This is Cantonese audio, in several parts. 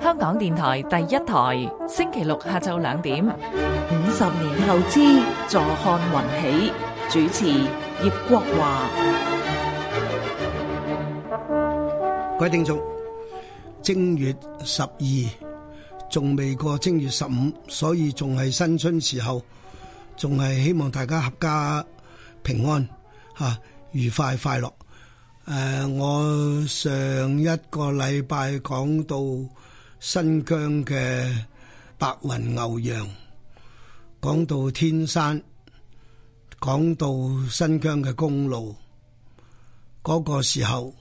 香港電台第一台，星期六下晝兩點。五十年後，之坐看雲起。主持：葉國華。各位聽眾，正月十二，仲未過正月十五，所以仲係新春時候，仲係希望大家合家平安，吓，愉快快樂。誒，我上一個禮拜講到新疆嘅白雲牛羊，講到天山，講到新疆嘅公路，嗰個時候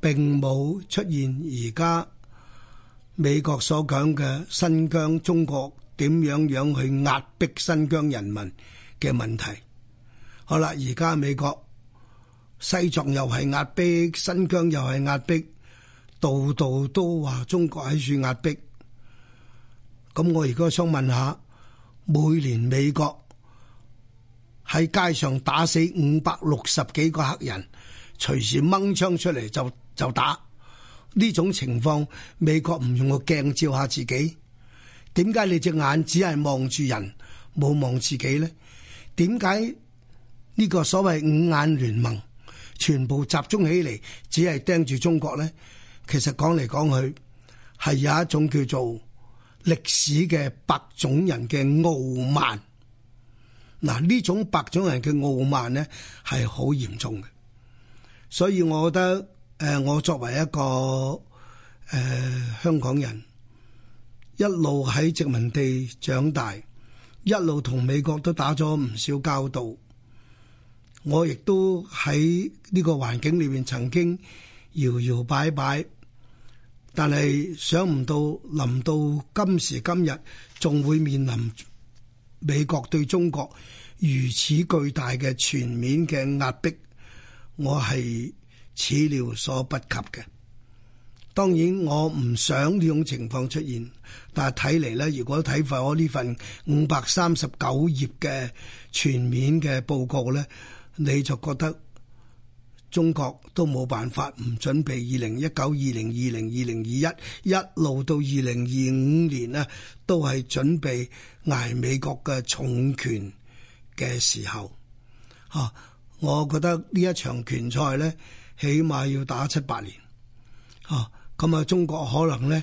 並冇出現而家美國所講嘅新疆中國點樣樣去壓迫新疆人民嘅問題。好啦，而家美國。西藏又係壓迫，新疆又係壓迫，度度都話中國喺處壓迫。咁我而家想問下，每年美國喺街上打死五百六十幾個黑人，隨時掹槍出嚟就就打。呢種情況，美國唔用個鏡照下自己？點解你隻眼只係望住人，冇望自己呢？點解呢個所謂五眼聯盟？全部集中起嚟，只係盯住中國咧。其實講嚟講去，係有一種叫做歷史嘅白種人嘅傲慢。嗱，呢種白種人嘅傲慢咧，係好嚴重嘅。所以，我覺得誒、呃，我作為一個誒、呃、香港人，一路喺殖民地長大，一路同美國都打咗唔少交道。我亦都喺呢個環境裏面曾經搖搖擺擺，但係想唔到臨到今時今日，仲會面臨美國對中國如此巨大嘅全面嘅壓迫。我係始料所不及嘅。當然我唔想呢種情況出現，但係睇嚟咧，如果睇翻我呢份五百三十九頁嘅全面嘅報告咧。你就覺得中國都冇辦法唔準備二零一九、二零二零、二零二一，一路到二零二五年呢，都係準備挨美國嘅重拳嘅時候。嚇，我覺得呢一場拳賽呢，起碼要打七八年。嚇，咁啊，中國可能呢，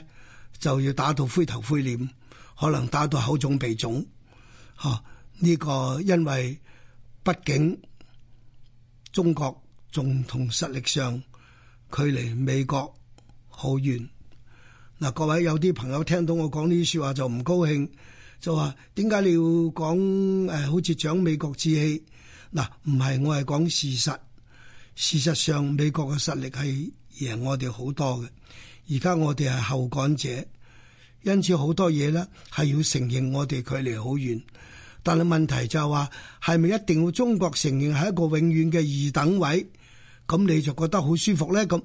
就要打到灰頭灰臉，可能打到口腫鼻腫。嚇，呢個因為畢竟。中國仲同實力上距離美國好遠。嗱，各位有啲朋友聽到我講呢啲説話就唔高興，就話點解你要講誒、呃、好似長美國志氣？嗱、呃，唔係，我係講事實。事實上，美國嘅實力係贏我哋好多嘅。而家我哋係後趕者，因此好多嘢咧係要承認我哋距離好遠。但係問題就係話係咪一定要中國承認係一個永遠嘅二等位，咁你就覺得好舒服咧？咁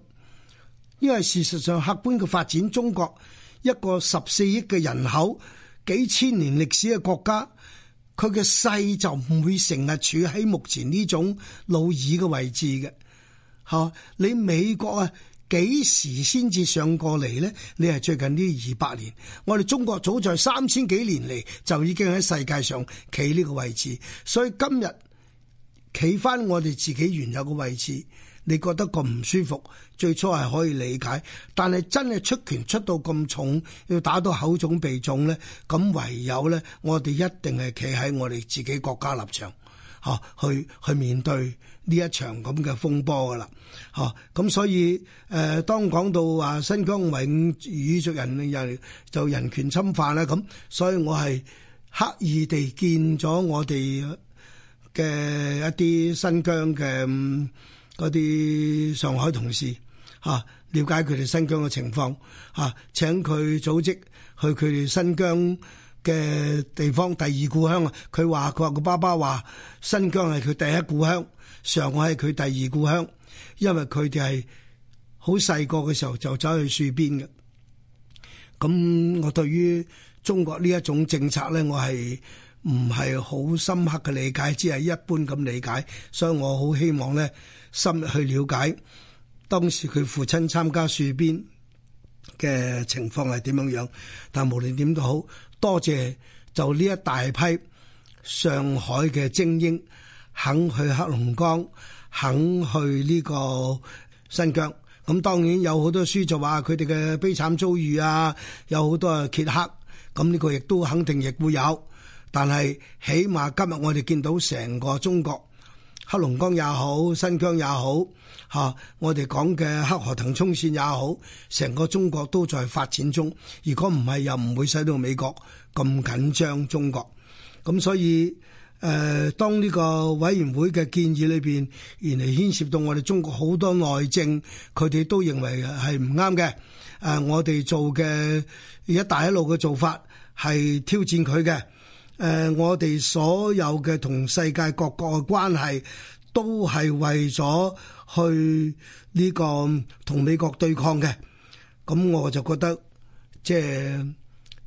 因為事實上客觀嘅發展，中國一個十四億嘅人口，幾千年歷史嘅國家，佢嘅勢就唔會成日處喺目前呢種老二嘅位置嘅。吓、啊，你美國啊！幾時先至上過嚟呢？你係最近呢二百年，我哋中國早在三千幾年嚟就已經喺世界上企呢個位置，所以今日企翻我哋自己原有嘅位置，你覺得咁唔舒服？最初係可以理解，但係真係出拳出到咁重，要打到口腫鼻腫呢？咁唯有呢，我哋一定係企喺我哋自己國家立場，吓去去面對。呢一場咁嘅風波㗎啦，嚇咁所以誒、呃，當講到話新疆永語族人維吾爾族人又就人權侵犯咧，咁所以我係刻意地見咗我哋嘅一啲新疆嘅嗰啲上海同事嚇，瞭、啊、解佢哋新疆嘅情況嚇、啊，請佢組織去佢哋新疆。嘅地方，第二故鄉啊！佢話佢話個爸爸話新疆係佢第一故鄉，上海係佢第二故鄉，因為佢哋係好細個嘅時候就走去戍邊嘅。咁我對於中國呢一種政策咧，我係唔係好深刻嘅理解，只係一般咁理解。所以我好希望咧，深入去了解當時佢父親參加戍邊嘅情況係點樣樣，但無論點都好。多謝就呢一大批上海嘅精英肯去黑龍江，肯去呢個新疆。咁當然有好多書就話佢哋嘅悲慘遭遇啊，有好多揭黑。咁呢個亦都肯定亦會有，但係起碼今日我哋見到成個中國，黑龍江也好，新疆也好。吓！我哋講嘅黑河騰衝線也好，成個中國都在發展中。如果唔係，又唔會使到美國咁緊張中國。咁所以，誒、呃，當呢個委員會嘅建議裏邊，原嚟牽涉到我哋中國好多內政，佢哋都認為係唔啱嘅。誒、呃，我哋做嘅一帶一路嘅做法係挑戰佢嘅。誒、呃，我哋所有嘅同世界各國嘅關係。都係為咗去呢、這個同美國對抗嘅，咁我就覺得即係、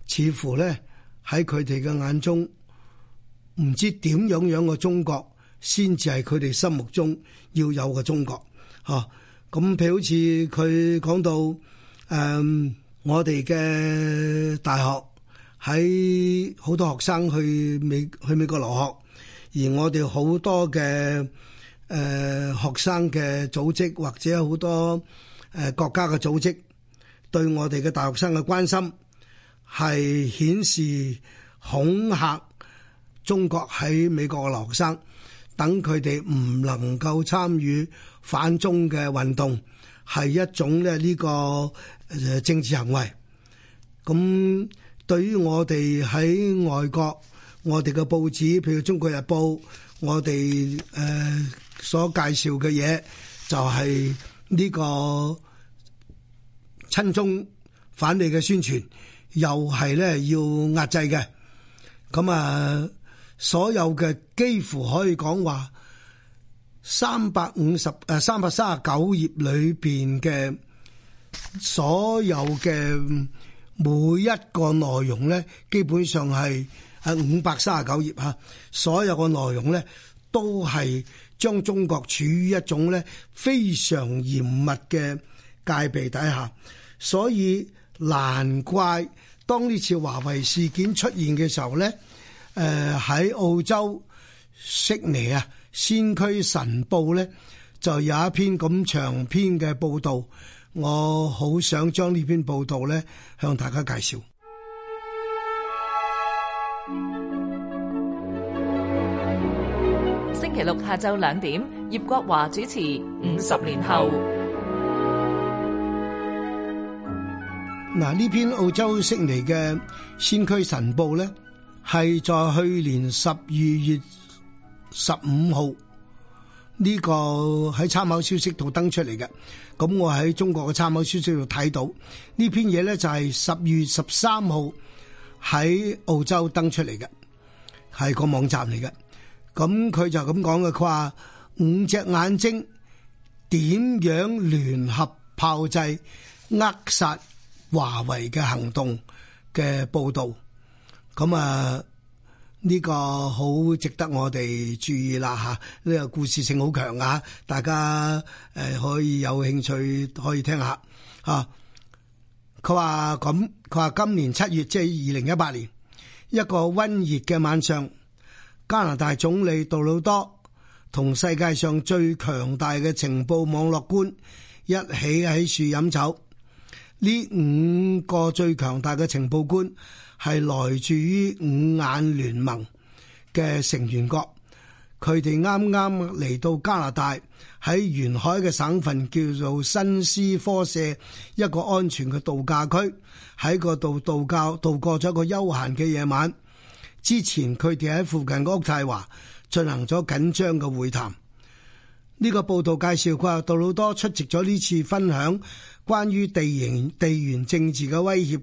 就是、似乎咧喺佢哋嘅眼中，唔知點樣樣嘅中國先至係佢哋心目中要有嘅中國，嚇。咁譬如好似佢講到誒、嗯，我哋嘅大學喺好多學生去美去美國留學，而我哋好多嘅。誒學生嘅組織或者好多誒國家嘅組織，對我哋嘅大學生嘅關心係顯示恐嚇中國喺美國嘅留學生，等佢哋唔能夠參與反中嘅運動，係一種咧呢個誒政治行為。咁對於我哋喺外國，我哋嘅報紙譬如《中國日報》。我哋誒所介紹嘅嘢，就係呢個親中反美嘅宣傳，又係咧要壓制嘅。咁啊，所有嘅幾乎可以講話，三百五十誒三百三十九頁裏邊嘅所有嘅每一個內容咧，基本上係。喺五百三十九頁嚇，所有嘅內容咧都係將中國處於一種咧非常嚴密嘅戒備底下，所以難怪當呢次華為事件出現嘅時候咧，誒喺澳洲悉尼啊，《先驅晨報》咧就有一篇咁長篇嘅報導，我好想將呢篇報導咧向大家介紹。六下晝兩點，葉國華主持《五十年後》。嗱，呢篇澳洲悉尼嘅《先驅晨報》咧，係在去年十二月十五號呢個喺參考消息度登出嚟嘅。咁我喺中國嘅參考消息度睇到呢篇嘢咧，就係十二月十三號喺澳洲登出嚟嘅，係個網站嚟嘅。咁佢就咁講嘅，佢話五隻眼睛點樣聯合炮製扼殺華為嘅行動嘅報道，咁啊呢個好值得我哋注意啦吓，呢個故事性好強啊，大家誒可以有興趣可以聽下啊。佢話咁，佢話今年七月即係二零一八年一個溫熱嘅晚上。加拿大總理杜魯多同世界上最強大嘅情報網絡官一起喺樹飲酒。呢五個最強大嘅情報官係來自於五眼聯盟嘅成員國，佢哋啱啱嚟到加拿大喺沿海嘅省份叫做新斯科舍一個安全嘅度假區，喺度度假度過咗一個休閒嘅夜晚。之前佢哋喺附近渥太華進行咗緊張嘅會談。呢、這個報道介紹佢話，杜魯多出席咗呢次分享關於地形、地緣政治嘅威脅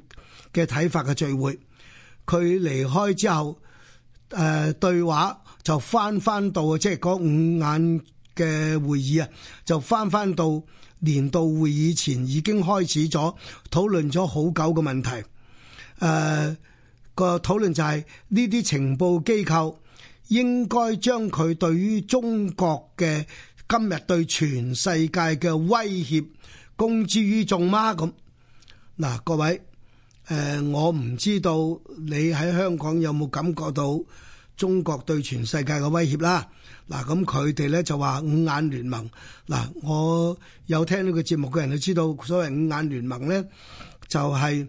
嘅睇法嘅聚會。佢離開之後，誒、呃、對話就返返到，即係嗰五眼嘅會議啊，就返返到年度會議前已經開始咗討論咗好久嘅問題。誒、呃。個討論就係呢啲情報機構應該將佢對於中國嘅今日對全世界嘅威脅公之於眾嗎？咁嗱，各位，誒、呃，我唔知道你喺香港有冇感覺到中國對全世界嘅威脅啦。嗱，咁佢哋咧就話五眼聯盟。嗱，我有聽呢個節目嘅人，都知道所謂五眼聯盟咧，就係、是。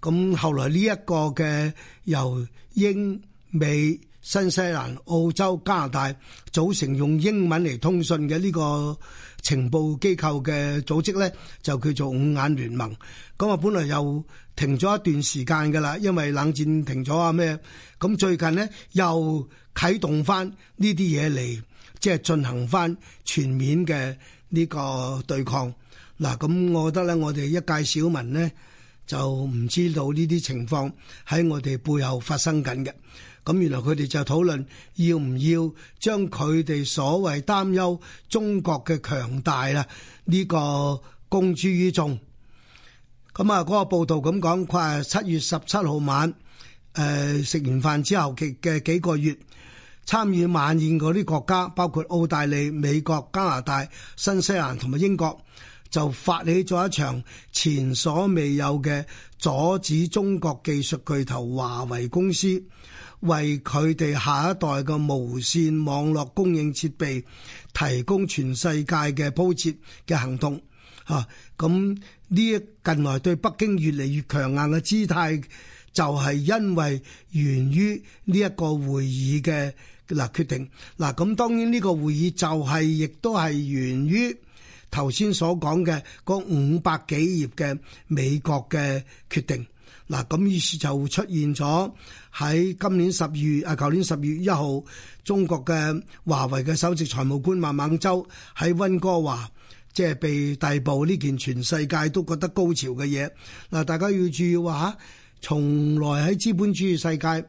咁後來呢一個嘅由英美、新西蘭、澳洲、加拿大組成用英文嚟通訊嘅呢個情報機構嘅組織咧，就叫做五眼聯盟。咁啊，本來又停咗一段時間㗎啦，因為冷戰停咗啊咩？咁最近呢又啟動翻呢啲嘢嚟，即係進行翻全面嘅呢個對抗。嗱，咁我覺得咧，我哋一介小民呢，就唔知道呢啲情況喺我哋背後發生緊嘅，咁原來佢哋就討論要唔要將佢哋所謂擔憂中國嘅強大啦呢、這個公諸於眾。咁、嗯、啊，嗰、那個報道咁講，佢話七月十七號晚，誒、呃、食完飯之後嘅幾個月，參與晚宴嗰啲國家包括澳大利、美國、加拿大、新西蘭同埋英國。就發起咗一場前所未有嘅，阻止中國技術巨頭華為公司為佢哋下一代嘅無線網絡供應設備提供全世界嘅鋪設嘅行動。吓、啊，咁呢近來對北京越嚟越強硬嘅姿態，就係因為源於呢一個會議嘅嗱決定。嗱、啊，咁當然呢個會議就係、是、亦都係源於。頭先所講嘅五百幾頁嘅美國嘅決定，嗱，咁於是就出現咗喺今年十二月啊，舊年十二月一號，中國嘅華為嘅首席財務官孟晚舟喺温哥華即係被逮捕呢件全世界都覺得高潮嘅嘢，嗱，大家要注意啊嚇，從來喺資本主義世界。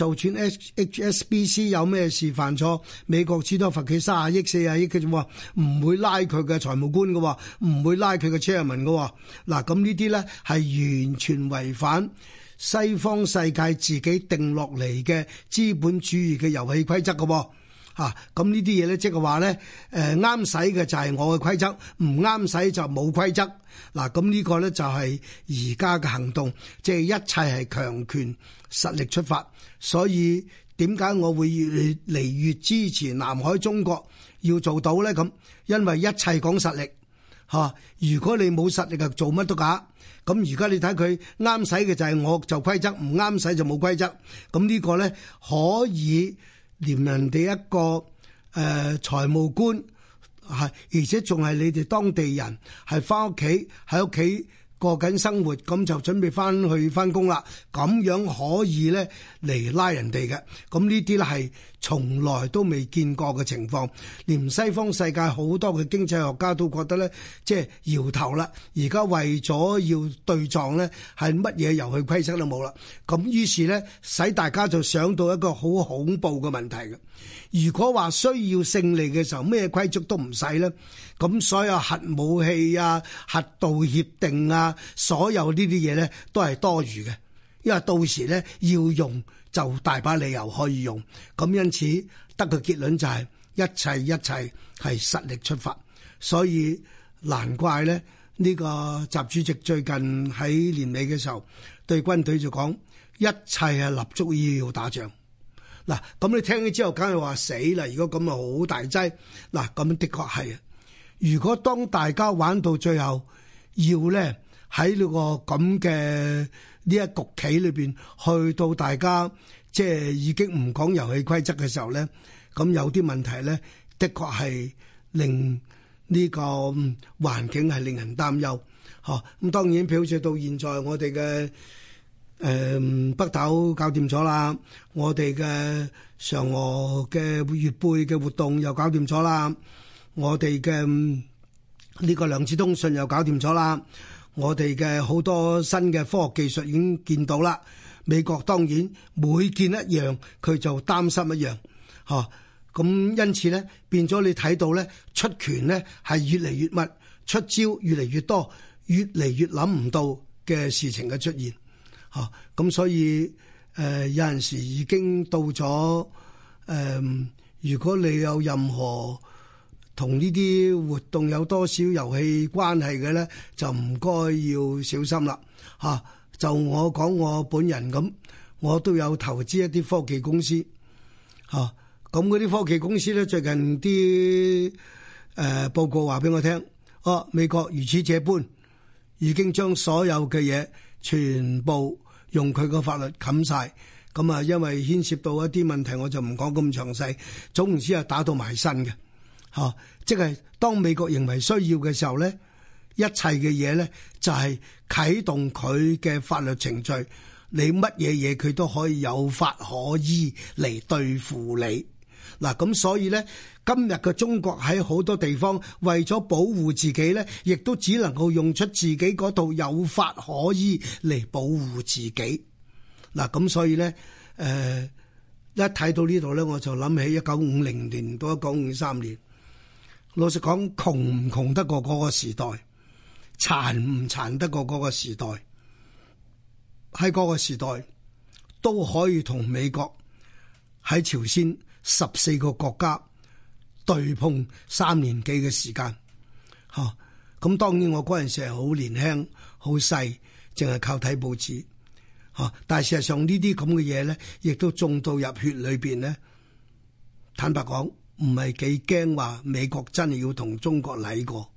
就算 HSBC 有咩事犯錯，美國最多罰佢三啊億四啊億嘅啫喎，唔會拉佢嘅財務官嘅喎，唔會拉佢嘅 chairman 嘅喎。嗱，咁呢啲咧係完全違反西方世界自己定落嚟嘅資本主義嘅遊戲規則嘅喎。啊！咁呢啲嘢咧，即係話咧，誒啱使嘅就係我嘅規則，唔啱使就冇規則。嗱、啊，咁、這、呢個咧就係而家嘅行動，即係一切係強權實力出發。所以點解我會越嚟越支持南海中國要做到咧？咁，因為一切講實力嚇、啊。如果你冇實力就做乜都假。咁而家你睇佢啱使嘅就係我就規則，唔啱使就冇規則。咁、啊這個、呢個咧可以。連人哋一個誒、呃、財務官係，而且仲係你哋當地人，係返屋企喺屋企過緊生活，咁就準備返去返工啦。咁樣可以咧嚟拉人哋嘅，咁呢啲咧係。從來都未見過嘅情況，連西方世界好多嘅經濟學家都覺得呢，即係搖頭啦。而家為咗要對撞呢，係乜嘢遊戲規則都冇啦。咁於是呢，使大家就想到一個好恐怖嘅問題嘅。如果話需要勝利嘅時候，咩規則都唔使呢？咁所有核武器啊、核道協定啊，所有呢啲嘢呢，都係多餘嘅。因為到時咧要用就大把理由可以用，咁因此得個結論就係、是、一切一切係實力出發，所以難怪咧呢、這個習主席最近喺年尾嘅時候對軍隊就講一切係立足於要打仗嗱。咁你聽咗之後，梗係話死啦！如果咁啊，好大劑嗱，咁的確係。如果當大家玩到最後要咧喺呢個咁嘅。呢一局棋裏邊，去到大家即係已經唔講遊戲規則嘅時候咧，咁有啲問題咧，的確係令呢個環境係令人擔憂。嗬！咁當然，表象到現在，我哋嘅誒北斗搞掂咗啦，我哋嘅嫦娥嘅月背嘅活動又搞掂咗啦，我哋嘅呢個量子通信又搞掂咗啦。我哋嘅好多新嘅科學技術已經見到啦。美國當然每見一樣，佢就擔心一樣，嚇、哦。咁因此咧，變咗你睇到咧，出拳呢係越嚟越密，出招越嚟越多，越嚟越諗唔到嘅事情嘅出現，嚇、哦。咁所以誒、呃，有陣時已經到咗誒、呃，如果你有任何，同呢啲活動有多少遊戲關係嘅咧，就唔該要小心啦嚇、啊。就我講我本人咁，我都有投資一啲科技公司嚇。咁嗰啲科技公司咧，最近啲誒、呃、報告話俾我聽，啊美國如此這般，已經將所有嘅嘢全部用佢個法律冚晒。咁啊，因為牽涉到一啲問題，我就唔講咁詳細。總言之係，打到埋身嘅。嚇、啊，即係當美國認為需要嘅時候咧，一切嘅嘢咧就係啟動佢嘅法律程序。你乜嘢嘢佢都可以有法可依嚟對付你嗱。咁、啊、所以咧，今日嘅中國喺好多地方為咗保護自己咧，亦都只能夠用出自己嗰度有法可依嚟保護自己嗱。咁、啊、所以咧，誒、呃、一睇到呢度咧，我就諗起一九五零年到一九五三年。老實講，窮唔窮得過嗰個時代，殘唔殘得過嗰個時代。喺嗰個時代都可以同美國喺朝鮮十四個國家對碰三年幾嘅時間。吓、啊，咁當然我嗰陣時係好年輕，好細，淨係靠睇報紙。吓、啊，但係事實上呢啲咁嘅嘢咧，亦都中到入血裏邊咧。坦白講。唔係幾驚話美國真係要同中國嚟過，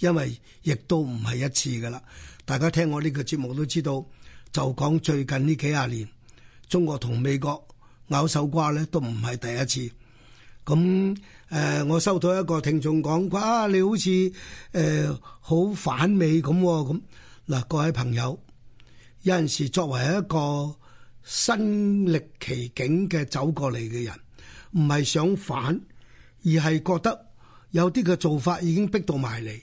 因為亦都唔係一次㗎喇。大家聽我呢個節目都知道，就講最近呢幾廿年，中國同美國咬手瓜咧都唔係第一次。咁誒、呃，我收到一個聽眾講話，你好似誒、呃、好反美咁喎、哦。咁嗱，各位朋友，有陣時作為一個身歷其境嘅走過嚟嘅人，唔係想反。而係覺得有啲嘅做法已經逼到埋嚟，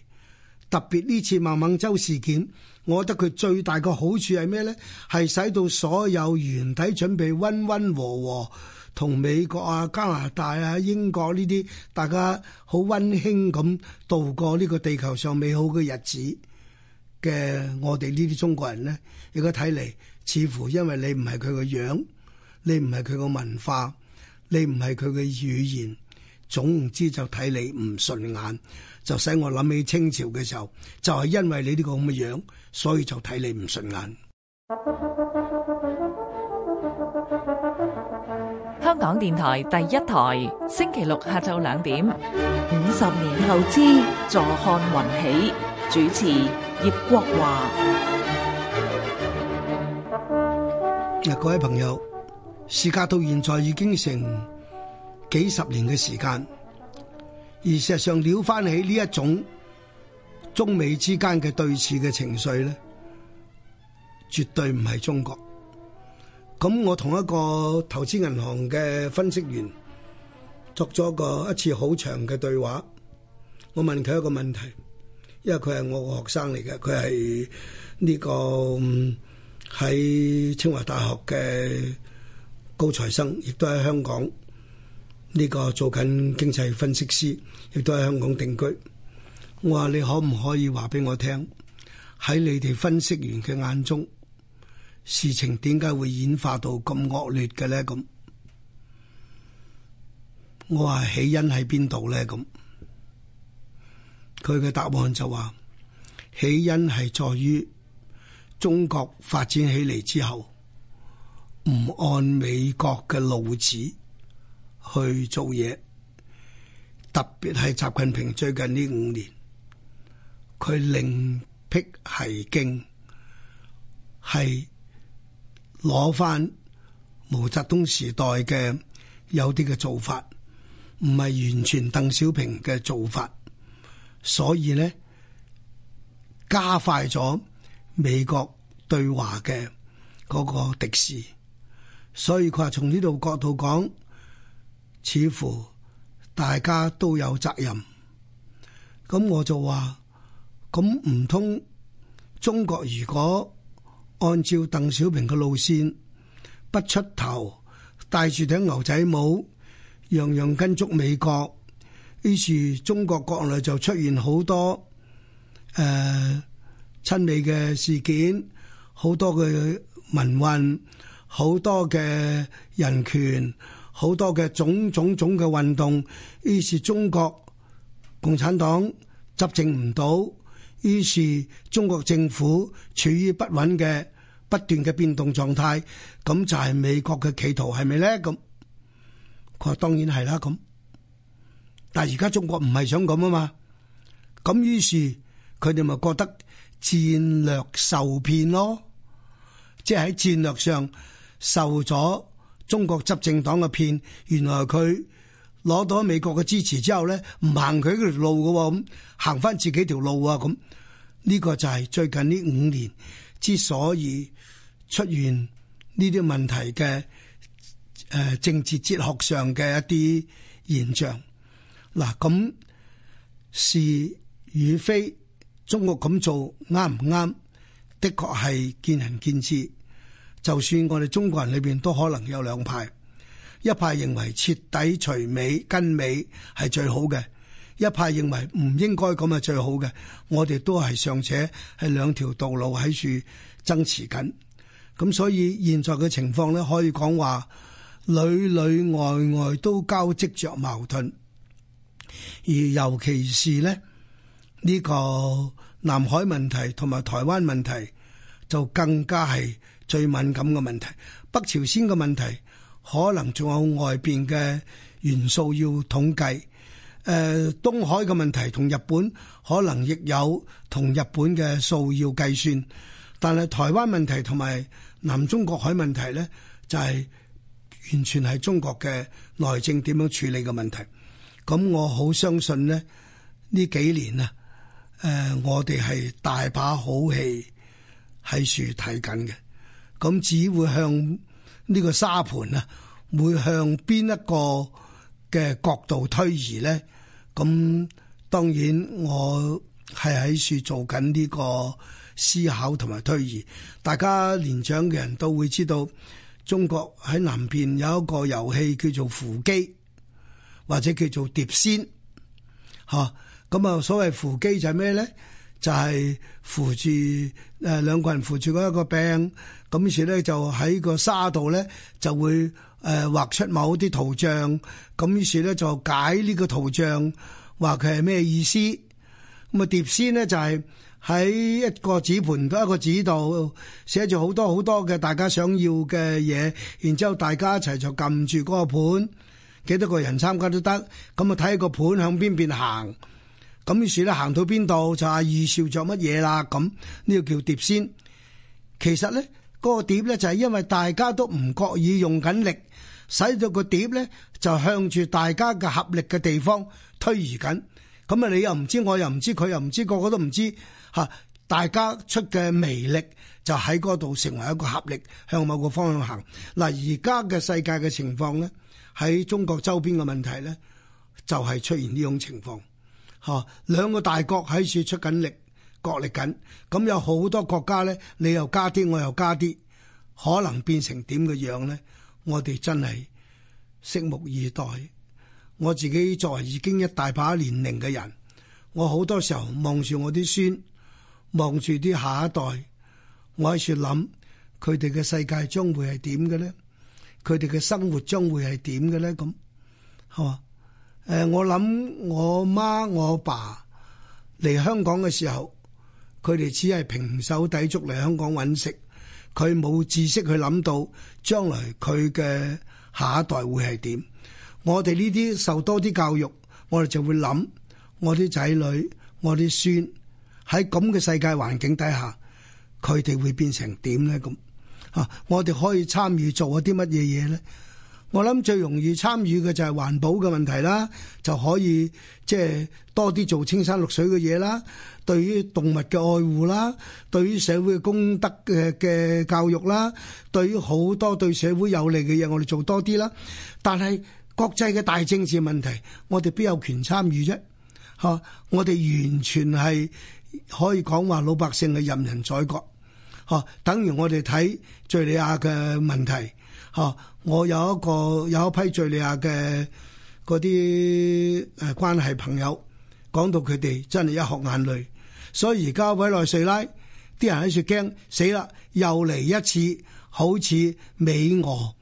特別呢次孟晚舟事件，我覺得佢最大個好處係咩咧？係使到所有原體準備溫溫和和同美國啊、加拿大啊、英國呢啲大家好溫馨咁度過呢個地球上美好嘅日子嘅。我哋呢啲中國人咧，而家睇嚟，似乎因為你唔係佢個樣，你唔係佢個文化，你唔係佢嘅語言。總之就睇你唔順眼，就使我諗起清朝嘅時候，就係因為你呢個咁嘅樣，所以就睇你唔順眼。香港電台第一台，星期六下晝兩點，五十年後之坐看雲起，主持葉國華。嗱，各位朋友，時間到現在已經成。幾十年嘅時間，而事實上，撩翻起呢一種中美之間嘅對峙嘅情緒咧，絕對唔係中國。咁我同一個投資銀行嘅分析員作咗個一次好長嘅對話，我問佢一個問題，因為佢係我嘅學生嚟嘅，佢係呢個喺清華大學嘅高材生，亦都喺香港。呢個做緊經濟分析師，亦都喺香港定居。我話你可唔可以話俾我聽，喺你哋分析員嘅眼中，事情點解會演化到咁惡劣嘅咧？咁我話起因喺邊度咧？咁佢嘅答案就話起因係在於中國發展起嚟之後，唔按美國嘅路子。去做嘢，特別係習近平最近呢五年，佢另辟蹊徑，係攞翻毛澤東時代嘅有啲嘅做法，唔係完全鄧小平嘅做法，所以呢加快咗美國對華嘅嗰個敵視，所以佢話從呢度角度講，似乎大家都有責任，咁我就話：咁唔通中國如果按照鄧小平嘅路線不出頭，戴住頂牛仔帽，樣樣跟足美國，於是中國國內就出現好多誒、呃、親美嘅事件，好多嘅民運，好多嘅人權。好多嘅種種種嘅運動，於是中國共產黨執政唔到，於是中國政府處於不穩嘅不斷嘅變動狀態，咁就係美國嘅企圖係咪咧？咁佢話當然係啦，咁但係而家中國唔係想咁啊嘛，咁於是佢哋咪覺得戰略受騙咯，即係喺戰略上受咗。中國執政黨嘅片，原來佢攞到美國嘅支持之後咧，唔行佢嗰條路噶，咁行翻自己條路啊！咁呢、這個就係最近呢五年之所以出現呢啲問題嘅誒、呃、政治哲學上嘅一啲現象。嗱，咁是與非，中國咁做啱唔啱？的確係見仁見智。就算我哋中國人裏邊都可能有兩派，一派認為徹底除美跟美係最好嘅，一派認為唔應該咁係最好嘅。我哋都係尚且係兩條道路喺處爭持緊，咁所以現在嘅情況呢，可以講話裏裏外外都交織着矛盾，而尤其是呢，呢、呢個南海問題同埋台灣問題。就更加係最敏感嘅問題。北朝鮮嘅問題可能仲有外邊嘅元素要統計。誒、呃，東海嘅問題同日本可能亦有同日本嘅數要計算。但係台灣問題同埋南中國海問題咧，就係、是、完全係中國嘅內政點樣處理嘅問題。咁我好相信咧，呢幾年啊，誒、呃，我哋係大把好戲。喺度睇緊嘅，咁只會向呢個沙盤啊，會向邊一個嘅角度推移咧？咁當然我係喺度做緊呢個思考同埋推移。大家年長嘅人都會知道，中國喺南邊有一個遊戲叫做扶箕，或者叫做碟仙，吓咁啊！所謂扶箕就係咩咧？就係扶住誒兩個人扶住嗰一個柄，咁於是咧就喺個沙度咧就會誒畫出某啲圖像，咁於是咧就解呢個圖像，話佢係咩意思？咁、嗯、啊，碟仙呢，就係、是、喺一個紙盤，一個紙度寫住好多好多嘅大家想要嘅嘢，然之後大家一齊就撳住嗰個盤，幾多個人參加都得，咁啊睇個盤向邊邊行。咁於是咧，行到邊度就是、預兆著乜嘢啦？咁呢個叫碟仙。其實咧，嗰、嗰個碟咧就係因為大家都唔覺意用緊力，使到個碟咧就向住大家嘅合力嘅地方推移緊。咁啊，你又唔知，我又唔知，佢又唔知，個個都唔知嚇。大家出嘅微力就喺嗰度成為一個合力，向某個方向行嗱。而家嘅世界嘅情況咧，喺中國周邊嘅問題咧，就係出現呢種情況。吓，兩個大國喺處出緊力，角力緊，咁有好多國家咧，你又加啲，我又加啲，可能變成點嘅樣咧？我哋真係拭目以待。我自己作為已經一大把年齡嘅人，我好多時候望住我啲孫，望住啲下一代，我喺處諗，佢哋嘅世界將會係點嘅咧？佢哋嘅生活將會係點嘅咧？咁係嘛？誒，我諗我媽我爸嚟香港嘅時候，佢哋只係胼手胝足嚟香港搵食，佢冇知識去諗到將來佢嘅下一代會係點。我哋呢啲受多啲教育，我哋就會諗我啲仔女、我啲孫喺咁嘅世界環境底下，佢哋會變成點咧？咁吓，我哋可以參與做啲乜嘢嘢咧？我諗最容易參與嘅就係環保嘅問題啦，就可以即係、就是、多啲做青山綠水嘅嘢啦。對於動物嘅愛護啦，對於社會公德嘅嘅教育啦，對於好多對社會有利嘅嘢，我哋做多啲啦。但係國際嘅大政治問題，我哋邊有權參與啫？嚇！我哋完全係可以講話老百姓係任人宰割。嚇！等於我哋睇敍利亞嘅問題。嚇！我有一個，有一批敍利亞嘅嗰啲誒，關係朋友講到佢哋真係一學眼淚。所以而家委內瑞拉啲人喺度驚死啦，又嚟一次好似美俄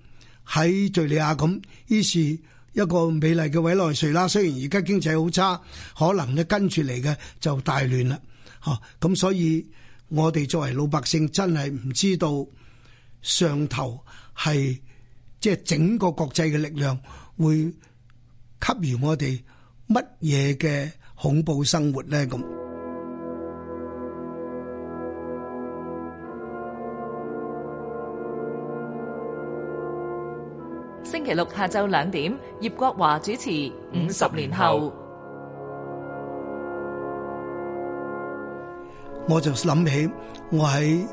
喺敍利亞咁，於是一個美麗嘅委內瑞拉，雖然而家經濟好差，可能咧，跟住嚟嘅就大亂啦，嚇！咁，所以我哋作為老百姓真係唔知道上頭係。即係整個國際嘅力量會給予我哋乜嘢嘅恐怖生活咧？咁星期六下晝兩點，葉國華主持《五十年後》。我就諗起我喺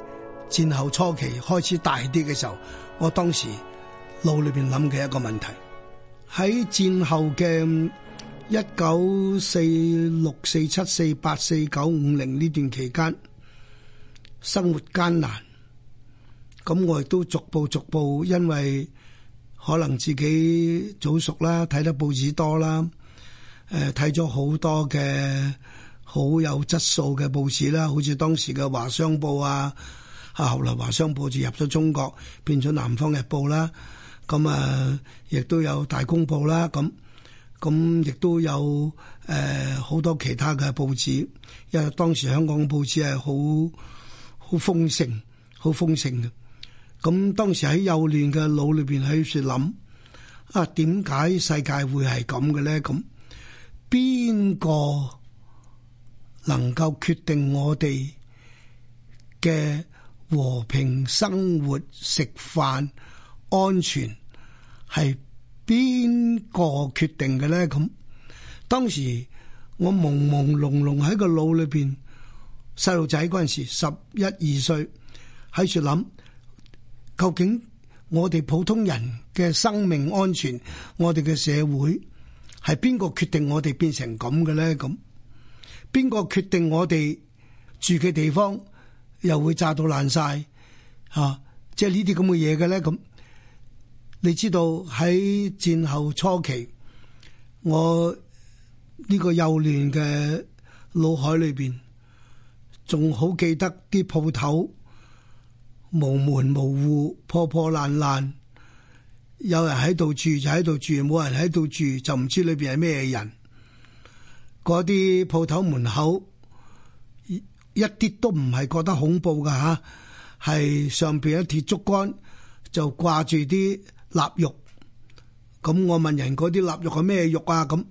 戰後初期開始大啲嘅時候，我當時。腦裏邊諗嘅一個問題，喺戰後嘅一九四六四七四八四九五零呢段期間，生活艱難，咁我亦都逐步逐步，因為可能自己早熟啦，睇得報紙多啦，誒睇咗好多嘅好有質素嘅報紙啦，好似當時嘅《華商報》啊，啊後來《華商報》就入咗中國，變咗《南方日報》啦。咁啊，亦、嗯、都有大公報啦，咁咁亦都有誒好、呃、多其他嘅報紙，因為當時香港嘅報紙係好好豐盛，好豐盛嘅。咁、嗯、當時喺幼嫩嘅腦裏邊喺度諗，啊點解世界會係咁嘅咧？咁邊個能夠決定我哋嘅和平生活食飯？安全係邊個決定嘅咧？咁當時我朦朦朧朧喺個腦裏邊，細路仔嗰陣時十一二歲喺處諗，究竟我哋普通人嘅生命安全，我哋嘅社會係邊個決定我哋變成咁嘅咧？咁邊個決定我哋住嘅地方又會炸到爛晒？吓、啊，即係呢啲咁嘅嘢嘅咧？咁。你知道喺戰後初期，我呢個幼年嘅腦海裏邊，仲好記得啲鋪頭無門無戶，破破爛爛，有人喺度住就喺度住，冇人喺度住就唔知裏邊係咩人。嗰啲鋪頭門口一啲都唔係覺得恐怖噶吓，係上邊一鐵竹竿就掛住啲，臘肉，咁我問人嗰啲臘肉係咩肉啊？咁，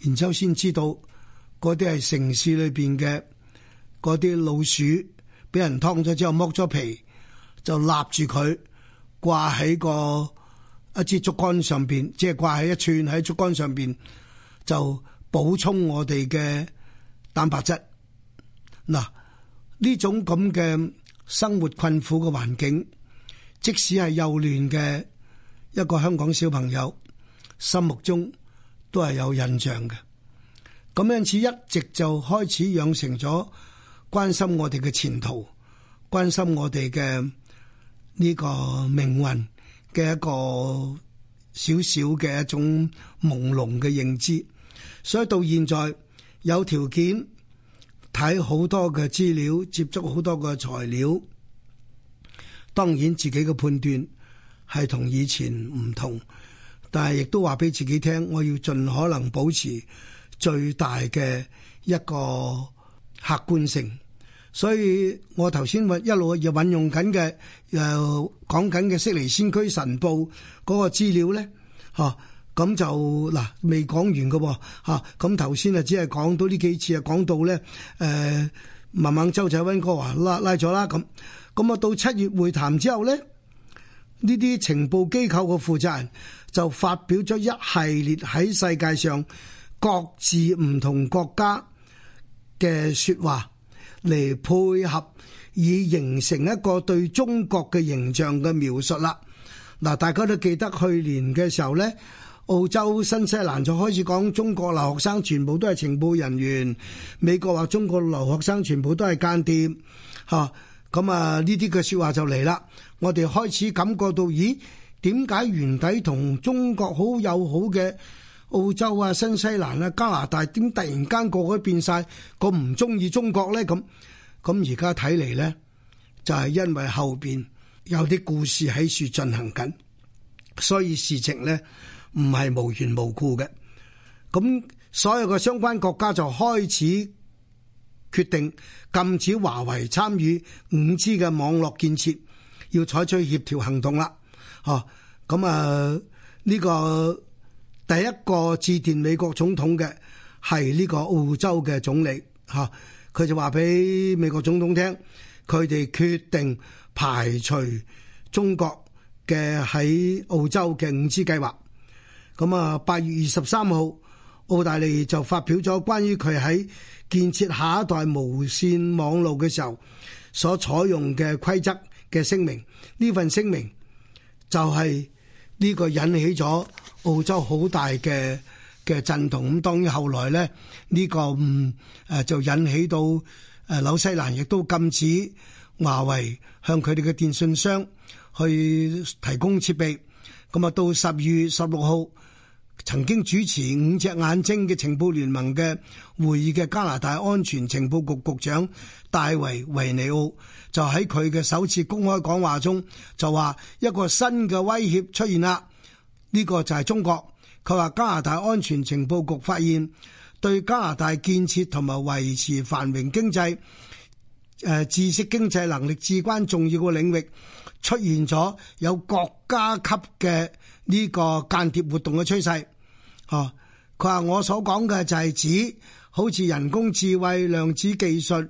然之後先知道嗰啲係城市裏邊嘅嗰啲老鼠，俾人劏咗之後剝咗皮，就臘住佢掛喺個一支竹竿上邊，即係掛喺一串喺竹竿上邊，就補充我哋嘅蛋白質。嗱，呢種咁嘅生活困苦嘅環境，即使係幼嫩嘅。一個香港小朋友心目中都係有印象嘅，咁因此一直就開始養成咗關心我哋嘅前途，關心我哋嘅呢個命運嘅一個少少嘅一種朦朧嘅認知。所以到現在有條件睇好多嘅資料，接觸好多嘅材料，當然自己嘅判斷。係同以前唔同，但係亦都話俾自己聽，我要盡可能保持最大嘅一個客觀性。所以我頭先一路又運用緊嘅誒，講緊嘅悉尼先驅晨報嗰、嗰個資料咧，吓、啊、咁就嗱未、啊、講完噶，吓咁頭先啊只係講到呢幾次啊，講到咧誒，慢、呃、慢周仔溫哥華拉拉咗啦，咁咁啊到七月會談之後咧。呢啲情報機構嘅負責人就發表咗一系列喺世界上各自唔同國家嘅説話嚟配合，以形成一個對中國嘅形象嘅描述啦。嗱，大家都記得去年嘅時候呢，澳洲、新西蘭就開始講中國留學生全部都係情報人員；美國話中國留學生全部都係間諜，嚇。咁啊！呢啲嘅説話就嚟啦，我哋開始感覺到，咦？點解原底同中國好友好嘅澳洲啊、新西蘭啊、加拿大，點突然間個個變晒，個唔中意中國咧？咁咁而家睇嚟咧，就係、是、因為後邊有啲故事喺處進行緊，所以事情咧唔係無緣無故嘅。咁所有嘅相關國家就開始決定禁止華為參與五 G 嘅網絡建設，要採取協調行動啦。嚇、啊，咁啊呢個第一個致電美國總統嘅係呢個澳洲嘅總理。嚇、啊，佢就話俾美國總統聽，佢哋決定排除中國嘅喺澳洲嘅五 G 計劃。咁啊，八月二十三號。澳大利就發表咗關於佢喺建設下一代無線網路嘅時候所採用嘅規則嘅聲明，呢份聲明就係呢個引起咗澳洲好大嘅嘅震動。咁當然後來咧，呢個嗯誒就引起到誒紐西蘭亦都禁止華為向佢哋嘅電信商去提供設備。咁啊，到十二月十六號。曾經主持五隻眼睛嘅情報聯盟嘅會議嘅加拿大安全情報局局長戴維維，維尼奧，就喺佢嘅首次公開講話中就話一個新嘅威脅出現啦。呢、這個就係中國。佢話加拿大安全情報局發現，對加拿大建設同埋維持繁榮經濟、誒、呃、知識經濟能力至關重要嘅領域，出現咗有國家級嘅。呢個間諜活動嘅趨勢，吓，佢話，我所講嘅就係指好似人工智慧、量子技術、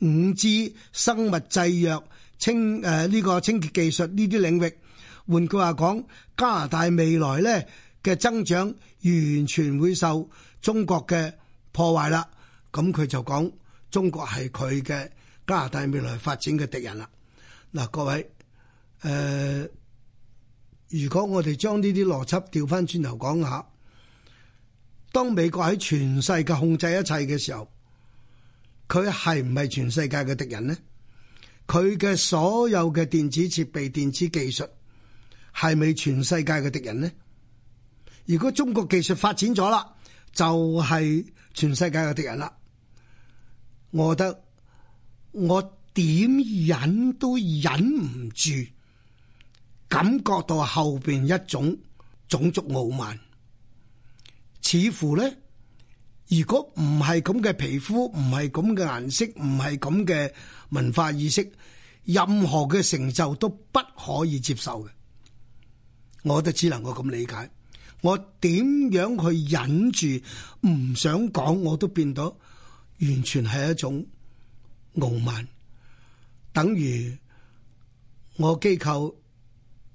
五 G、生物製藥、清誒呢、呃這個清潔技術呢啲領域。換句話講，加拿大未來咧嘅增長完全會受中國嘅破壞啦。咁、嗯、佢就講中國係佢嘅加拿大未來發展嘅敵人啦。嗱、啊，各位誒。呃如果我哋將呢啲邏輯調翻轉頭講下，當美國喺全世界控制一切嘅時候，佢係唔係全世界嘅敵人呢？佢嘅所有嘅電子設備、電子技術係咪全世界嘅敵人呢？如果中國技術發展咗啦，就係全世界嘅敵人啦。我覺得我點忍都忍唔住。感覺到後邊一種種族傲慢，似乎呢，如果唔係咁嘅皮膚，唔係咁嘅顏色，唔係咁嘅文化意識，任何嘅成就都不可以接受嘅。我都只能夠咁理解。我點樣去忍住唔想講，我都變到完全係一種傲慢，等於我機構，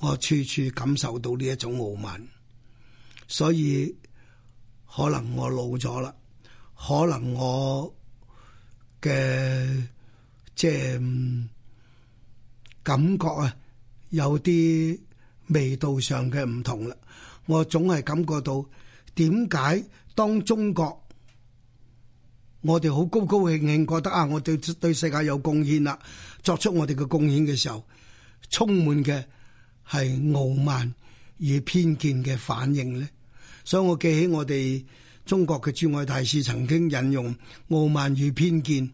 我處處感受到呢一種傲慢，所以可能我老咗啦，可能我嘅即係感覺啊，有啲味道上嘅唔同啦。我總係感覺到點解當中國我哋好高高興興覺得啊，我對對世界有貢獻啦，作出我哋嘅貢獻嘅時候，充滿嘅。係傲慢與偏見嘅反應咧，所以我記起我哋中國嘅駐外大使曾經引用傲慢與偏見，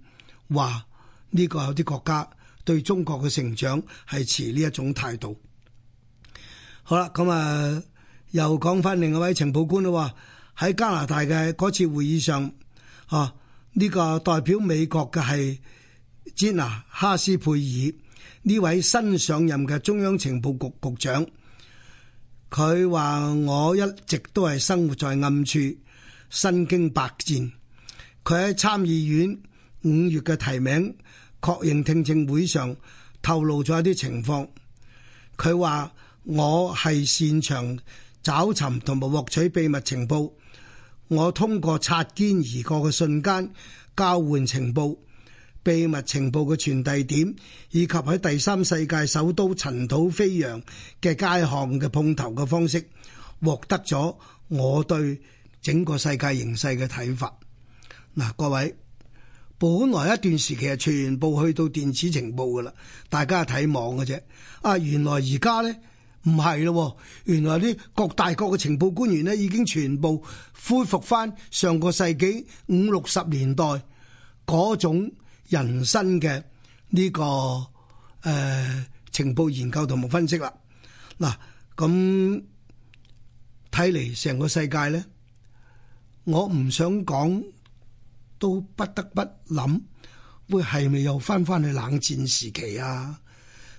話呢個有啲國家對中國嘅成長係持呢一種態度。好啦，咁啊又講翻另一位情報官啦，喺加拿大嘅嗰次會議上，啊、這、呢個代表美國嘅係吉娜哈斯佩爾。呢位新上任嘅中央情報局局長，佢話，我一直都係生活在暗處，身經百戰。佢喺參議院五月嘅提名確認聽證會上透露咗一啲情況。佢話，我係擅長找尋同埋獲取秘密情報。我通過擦肩而過嘅瞬間交換情報。秘密情報嘅傳遞點，以及喺第三世界首都塵土飛揚嘅街巷嘅碰頭嘅方式，獲得咗我對整個世界形勢嘅睇法。嗱，各位，本來一段時期係全部去到電子情報噶啦，大家睇網噶啫。啊，原來而家咧唔係咯，原來啲各大國嘅情報官員呢，已經全部恢復翻上個世紀五六十年代嗰種。人生嘅呢、這個誒、呃、情報研究同埋分析啦，嗱，咁睇嚟成個世界咧，我唔想講，都不得不諗，會係咪又返返去冷戰時期啊？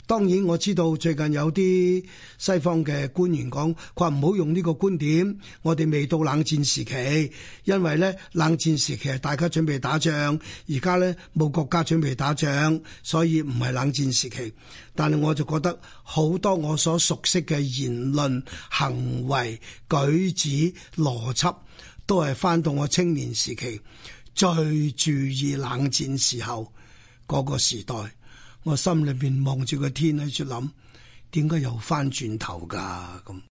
當然我知道最近有啲西方嘅官員講，佢話唔好用呢個觀點。我哋未到冷戰時期，因為呢冷戰時期大家準備打仗，而家呢冇國家準備打仗，所以唔係冷戰時期。但係我就覺得好多我所熟悉嘅言論、行為、舉止、邏輯，都係返到我青年時期最注意冷戰時候嗰個時代。我心裏面望住個天喺度諗，點解又翻轉頭噶咁？